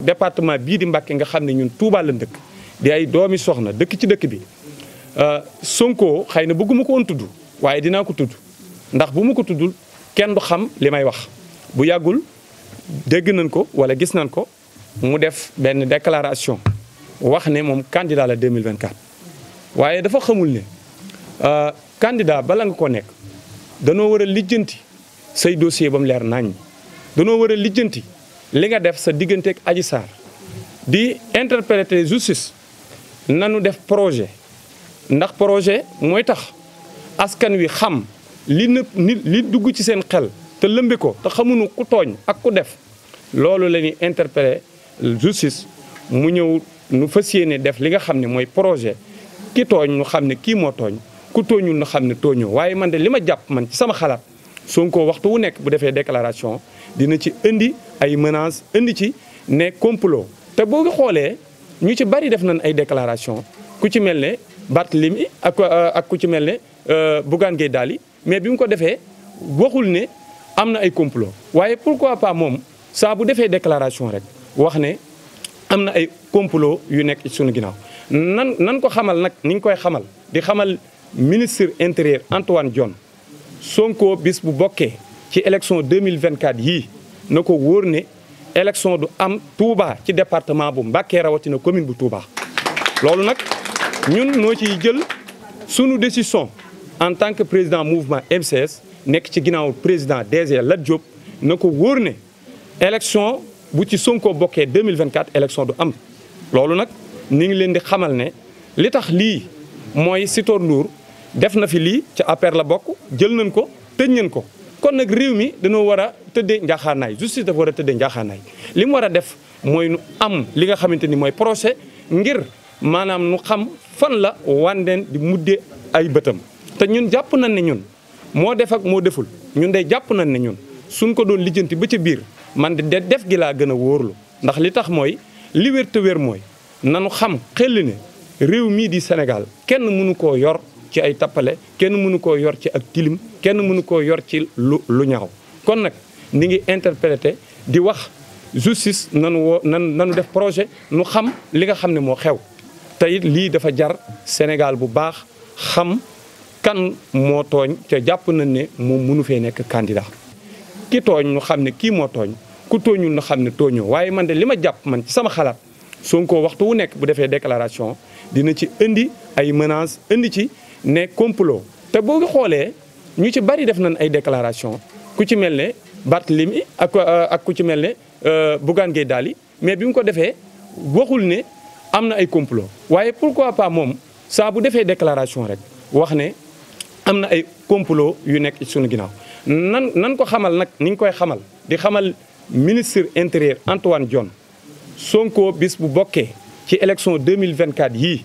département bii di Mbacké nga xam ne ñun Touba la dëkk di ay doomi soxna dëkk ci dëkk bi euh, Sonko xëy na bëgguma ko woon tudd waaye dinaa ko tudd ndax bu ma ko tuddul kenn du xam li may wax bu yàggul dégg nañ ko wala gis nañ ko mu def benn déclaration wax ne moom candidat la 2024 waaye dafa xamul ne euh, candidat bala nga ko nekk danoo war a lijjanti say dossier ba mu leer naññ danoo war a lijjanti li nga def sa digganteeg Adji Sarr di interpréter justice nanu def projet ndax projet mooy tax askan wi xam li nëpp nit li dugg ci seen xel te lëmbe ko te xamuñu ku tooñ ak ku def loolu la ñuy interpellé justice mu ñëw nu fas yéene def li nga xam ne mooy projet ki tooñ nu xam ne kii moo tooñ ku tooñul nu xam ne tooñoo waaye man de li ma jàpp man ci sama xalaat Sonko waxtu wu a bu une déclaration dina ci indi ay menaces indi ci ne complot bo nga xolé ñu ci bari def nañ ay déclaration ku ci melné ne ak euh, ak ku ci melné euh Bougane Gueye mais vous ko defee waxul ne amna ay complot wayé pourquoi pas mom sa bu déclaration rek ay complot yu ci sunu nan nan ko xamal ministre intérieur Antoine John. Sonko bis bu bokkee ci élection 2024 yi nako ko élection du am Touba ci département bu Mbacké rawatina commune bu Touba. loolu nak ñun noo si jël sunu décision en tant que président mouvement MCS nek ci ginaaw président DG Ladjop nako na élection bu ci Sonko bokkee 2024 élection du am loolu nak ni ngi leen di xamal ne li tax li moy Sitor Ndour def na fi lii ca APR la bokk jël nañ ko tëj nañ ko kon nag réew mi dañoo war a tëddee njaaxaanaay justice dafa war a tëddee li mu war a def mooy nu am li nga xamante ni mooy procès ngir maanaam nu xam fan la wandeen di muddee ay bëtam te ñun jàpp nañ ne ñun moo def ak moo deful ñun day jàpp nañ ne ñun suñ ko doon lijjanti ba ca biir man de def gilaa gën a wóorlu ndax li tax mooy li wér te wér mooy nanu xam xel ne réew mii di Sénégal kenn mënu koo yor ci ay tappale kenn mënu koo yor ci ak tilim kenn mënu koo yor ci lu lu ñaaw kon nag ni ngi interprété di wax justice nanu woo nan def projet nu xam li nga xam ne moo xew te lii dafa jar Sénégal bu baax xam kan moo tooñ te jàpp nañ ne moom mënu fee nekk candidat ki tooñ nu xam ne kii moo tooñ ku tooñul nu xam ne tooñoo waaye man de li ma jàpp man ci sama xalaat Sonko waxtu wu nekk bu defee déclaration dina ci indi ay menaces indi ci ne complot te boo xolé ñu bari def nañ ay déclaration ku ci melné ak euh, euh, Bougane mais fait ko waxul complot pourquoi pas nous sa bu défé déclaration rek wax né ay complot yu nekk nan nan ko xamal ministre intérieur Antoine John Son bis bu bokké ci élection 2024 yi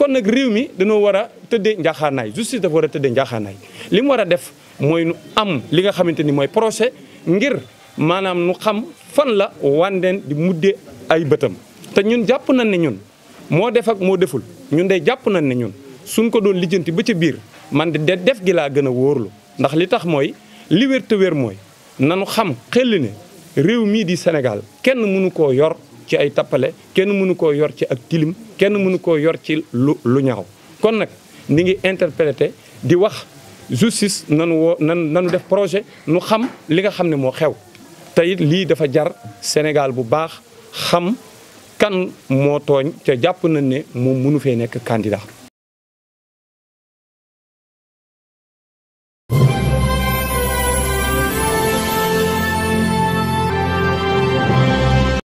kon nag réew mi dañoo war a tëddee njaaxaanaay justice dafa war a tëddee li mu war a def mooy nu am li nga xamante ni mooy procès ngir maanaam nu xam fan la wàndeen di muddee ay bëtam te ñun jàpp nañ ne ñun moo def ak moo deful ñun day jàpp nañ ne ñun suñ ko doon lijjanti ba ca biir man de def gilaa gën a wóorlu ndax li tax mooy li wér te wér mooy nanu xam xel ne réew mii di Sénégal kenn mënu koo yor ci ay tappale kenn mënu koo yor ci ak tilim kenn mënu koo yor ci lu lu ñaaw kon nag ni ngi interprété di wax justice nanu woo nan nanu def projet nu xam li nga xam ne moo xew te lii dafa jar Sénégal bu baax xam kan moo tooñ te jàpp nañ ne moom mënu fee nekk candidat